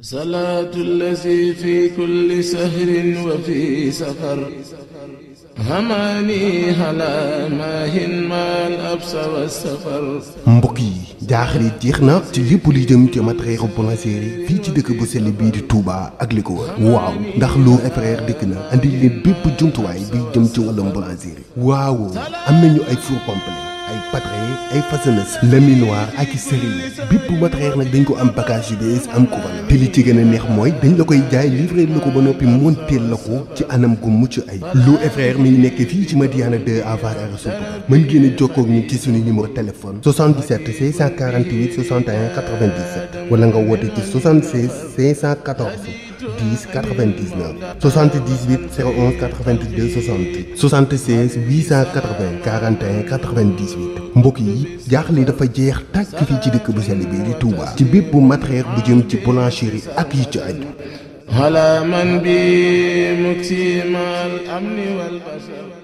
صلاة الذي yi jaaxal yi jeex na ci lépp lu jëm ci matériel boulangerie fii ci dëkk bu sell bii di Touba ak li ko wër waaw ndax Lo et dikk na andi leen bépp jumtuwaay bi jëm ci wàllum boulangerie yi waaw am nañu ay four complet ay batterie ay façonneuse laminoir ak i série bépp matériel nag dañ ko am bagage yu am ko wala te li ci gën a neex mooy dañ la koy jaay livré la ko ba noppi monteel la ko ci anam gu mucc ay Lou et mi nekk fii ci Madiana 2 avare Arosoboka mën ngeen a jokkoo ak ñun ci suñu numéro téléphone 77 648 61 97 wala nga woote ci 76 10 99 78 011 82 60 76 880 41 98 mbokk yi jaaxle dafa jeex tàkk fii ci dëkk bu sell bi di Touba. ci bépp matériel bu jëm ci boulangerie ak yi ci aju. ala man bi muksimal amni wal basar